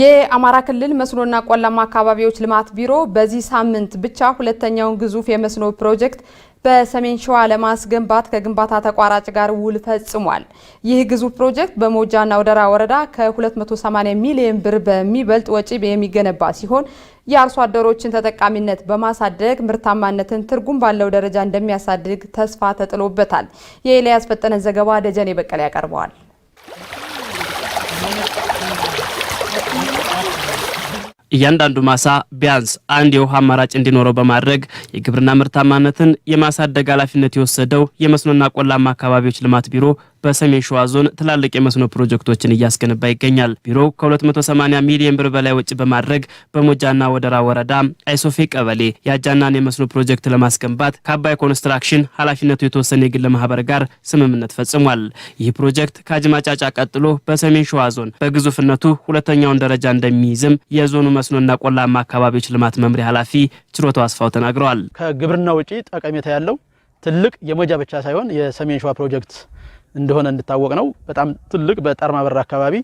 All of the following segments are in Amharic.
የአማራ ክልል መስኖና ቆላማ አካባቢዎች ልማት ቢሮ በዚህ ሳምንት ብቻ ሁለተኛውን ግዙፍ የመስኖ ፕሮጀክት በሰሜን ሸዋ ለማስገንባት ከግንባታ ተቋራጭ ጋር ውል ፈጽሟል። ይህ ግዙፍ ፕሮጀክት በሞጃና ወደራ ወረዳ ከ280 ሚሊዮን ብር በሚበልጥ ወጪ የሚገነባ ሲሆን የአርሶ አደሮችን ተጠቃሚነት በማሳደግ ምርታማነትን ትርጉም ባለው ደረጃ እንደሚያሳድግ ተስፋ ተጥሎበታል። የኤልያስ ፈጠነ ዘገባ ደጀኔ በቀለ ያቀርበዋል። እያንዳንዱ ማሳ ቢያንስ አንድ የውሃ አማራጭ እንዲኖረው በማድረግ የግብርና ምርታማነትን የማሳደግ ኃላፊነት የወሰደው የመስኖና ቆላማ አካባቢዎች ልማት ቢሮ በሰሜን ሸዋ ዞን ትላልቅ የመስኖ ፕሮጀክቶችን እያስገነባ ይገኛል። ቢሮው ከ280 ሚሊዮን ብር በላይ ወጪ በማድረግ በሞጃና ወደራ ወረዳ አይሶፌ ቀበሌ የአጃናን የመስኖ ፕሮጀክት ለማስገንባት ከአባይ ኮንስትራክሽን ኃላፊነቱ የተወሰነ የግል ማህበር ጋር ስምምነት ፈጽሟል። ይህ ፕሮጀክት ከአጅማጫጫ ቀጥሎ በሰሜን ሸዋ ዞን በግዙፍነቱ ሁለተኛውን ደረጃ እንደሚይዝም የዞኑ መስኖና ቆላማ አካባቢዎች ልማት መምሪያ ኃላፊ ችሮቶ አስፋው ተናግረዋል። ከግብርና ውጪ ጠቀሜታ ያለው ትልቅ የሞጃ ብቻ ሳይሆን የሰሜን ሸዋ ፕሮጀክት እንደሆነ እንድታወቅ ነው። በጣም ትልቅ በጣርማ በር አካባቢ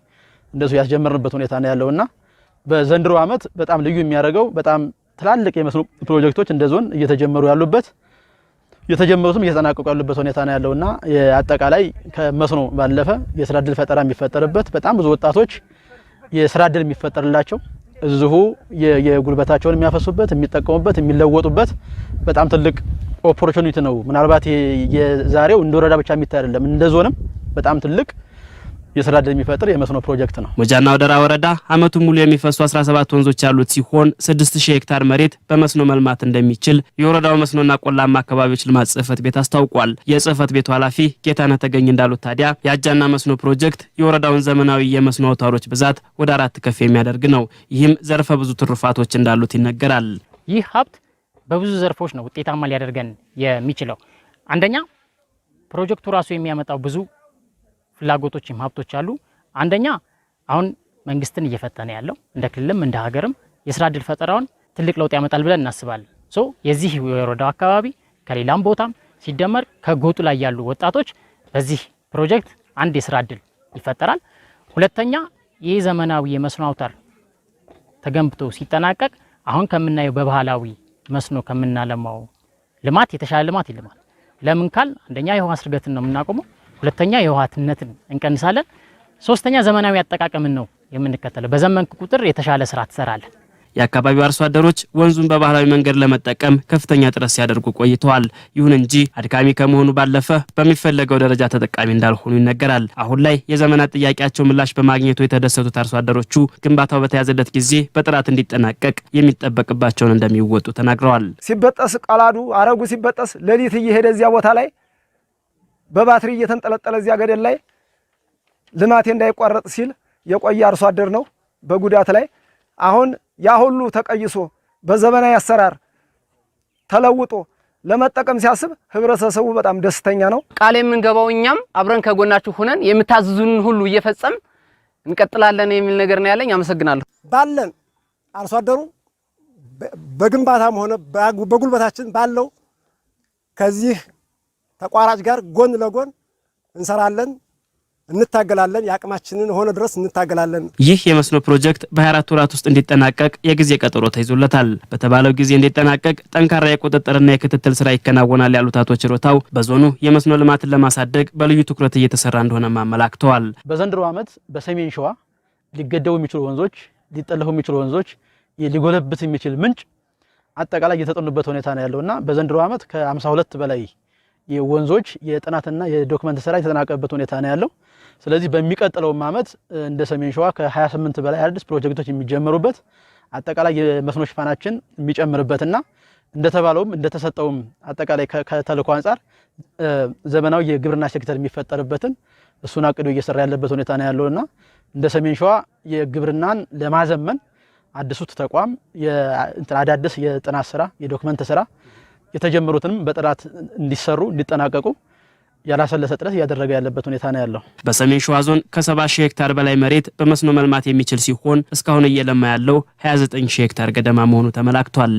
እንደሱ ያስጀመርንበት ሁኔታ ነው ያለውና በዘንድሮ ዓመት በጣም ልዩ የሚያደርገው በጣም ትላልቅ የመስኖ ፕሮጀክቶች እንደ ዞን እየተጀመሩ ያሉበት የተጀመሩትም እየተጠናቀቁ ያሉበት ሁኔታ ነው ያለውና አጠቃላይ ከመስኖ ባለፈ የስራ እድል ፈጠራ የሚፈጠርበት በጣም ብዙ ወጣቶች የስራ እድል የሚፈጠርላቸው እዚሁ የጉልበታቸውን የሚያፈሱበት የሚጠቀሙበት የሚለወጡበት በጣም ትልቅ ኦፖርቹኒቲ ነው። ምናልባት የዛሬው እንደ ወረዳ ብቻ የሚታይ አይደለም፣ እንደ ዞንም በጣም ትልቅ የስራ ዕድል የሚፈጥር የመስኖ ፕሮጀክት ነው። ወጃና ወደራ ወረዳ አመቱን ሙሉ የሚፈሱ 17 ወንዞች ያሉት ሲሆን 6000 ሄክታር መሬት በመስኖ መልማት እንደሚችል የወረዳው መስኖና ቆላማ አካባቢዎች ልማት ጽህፈት ቤት አስታውቋል። የጽህፈት ቤቱ ኃላፊ ጌታነህ ተገኝ እንዳሉት ታዲያ የአጃና መስኖ ፕሮጀክት የወረዳውን ዘመናዊ የመስኖ አውታሮች ብዛት ወደ አራት ከፍ የሚያደርግ ነው። ይህም ዘርፈ ብዙ ትሩፋቶች እንዳሉት ይነገራል። ይህ ሀብት በብዙ ዘርፎች ነው ውጤታማ ሊያደርገን የሚችለው። አንደኛ ፕሮጀክቱ ራሱ የሚያመጣው ብዙ ፍላጎቶችም ሀብቶች አሉ። አንደኛ አሁን መንግስትን እየፈተነ ያለው እንደ ክልልም እንደ ሀገርም የስራ እድል ፈጠራውን ትልቅ ለውጥ ያመጣል ብለን እናስባለን። ሶ የዚህ የወረዳው አካባቢ ከሌላም ቦታም ሲደመር ከጎጡ ላይ ያሉ ወጣቶች በዚህ ፕሮጀክት አንድ የስራ እድል ይፈጠራል። ሁለተኛ ይህ ዘመናዊ የመስኖ አውታር ተገንብቶ ሲጠናቀቅ አሁን ከምናየው በባህላዊ መስኖ ከምናለማው ልማት የተሻለ ልማት ይልማል። ለምን ካል አንደኛ የውሃ ስርገትን ነው የምናቆመው። ሁለተኛ የውሃትነትን እንቀንሳለን። ሶስተኛ ዘመናዊ አጠቃቀምን ነው የምንከተለው። በዘመንክ ቁጥር የተሻለ ስራ ትሰራለን። የአካባቢው አርሶ አደሮች ወንዙን በባህላዊ መንገድ ለመጠቀም ከፍተኛ ጥረት ሲያደርጉ ቆይተዋል። ይሁን እንጂ አድካሚ ከመሆኑ ባለፈ በሚፈለገው ደረጃ ተጠቃሚ እንዳልሆኑ ይነገራል። አሁን ላይ የዘመናት ጥያቄያቸው ምላሽ በማግኘቱ የተደሰቱት አርሶ አደሮቹ ግንባታው በተያዘለት ጊዜ በጥራት እንዲጠናቀቅ የሚጠበቅባቸውን እንደሚወጡ ተናግረዋል። ሲበጠስ ቀላዱ አረጉ ሲበጠስ ሌሊት እየሄደ እዚያ ቦታ ላይ በባትሪ እየተንጠለጠለ እዚያ ገደል ላይ ልማቴ እንዳይቋረጥ ሲል የቆየ አርሶ አደር ነው በጉዳት ላይ። አሁን ያ ሁሉ ተቀይሶ በዘመናዊ አሰራር ተለውጦ ለመጠቀም ሲያስብ ህብረተሰቡ በጣም ደስተኛ ነው። ቃል የምንገባው እኛም አብረን ከጎናችሁ ሆነን የምታዝዙን ሁሉ እየፈጸም እንቀጥላለን የሚል ነገር ነው ያለኝ። አመሰግናለሁ። ባለን አርሶ አደሩ በግንባታም ሆነ በጉልበታችን ባለው ከዚህ ተቋራጭ ጋር ጎን ለጎን እንሰራለን እንታገላለን የአቅማችንን ሆነ ድረስ እንታገላለን። ይህ የመስኖ ፕሮጀክት በ24 ወራት ውስጥ እንዲጠናቀቅ የጊዜ ቀጠሮ ተይዞለታል። በተባለው ጊዜ እንዲጠናቀቅ ጠንካራ የቁጥጥርና የክትትል ስራ ይከናወናል ያሉት አቶ ችሮታው በዞኑ የመስኖ ልማትን ለማሳደግ በልዩ ትኩረት እየተሰራ እንደሆነም አመላክተዋል። በዘንድሮ ዓመት በሰሜን ሸዋ ሊገደቡ የሚችሉ ወንዞች፣ ሊጠለፉ የሚችሉ ወንዞች፣ ሊጎለብት የሚችል ምንጭ አጠቃላይ እየተጠኑበት ሁኔታ ነው ያለውና በዘንድሮ ዓመት ከ52 በላይ የወንዞች የጥናትና የዶክመንት ስራ የተጠናቀበት ሁኔታ ነው ያለው። ስለዚህ በሚቀጥለውም ዓመት እንደ ሰሜን ሸዋ ከ28 በላይ አዳዲስ ፕሮጀክቶች የሚጀመሩበት አጠቃላይ የመስኖ ሽፋናችን የሚጨምርበትና እንደተባለውም እንደተሰጠውም አጠቃላይ ከተልእኮ አንጻር ዘመናዊ የግብርና ሴክተር የሚፈጠርበትን እሱን አቅዶ እየሰራ ያለበት ሁኔታ ነው ያለውና እንደ ሰሜን ሸዋ የግብርናን ለማዘመን አዲሱት ተቋም አዳዲስ የጥናት ስራ የዶክመንት ስራ የተጀመሩትንም በጥራት እንዲሰሩ እንዲጠናቀቁ ያላሰለሰ ጥረት እያደረገ ያለበት ሁኔታ ነው ያለው። በሰሜን ሸዋ ዞን ከ 7 ሺህ ሄክታር በላይ መሬት በመስኖ መልማት የሚችል ሲሆን እስካሁን እየለማ ያለው 29 ሺህ ሄክታር ገደማ መሆኑ ተመላክቷል።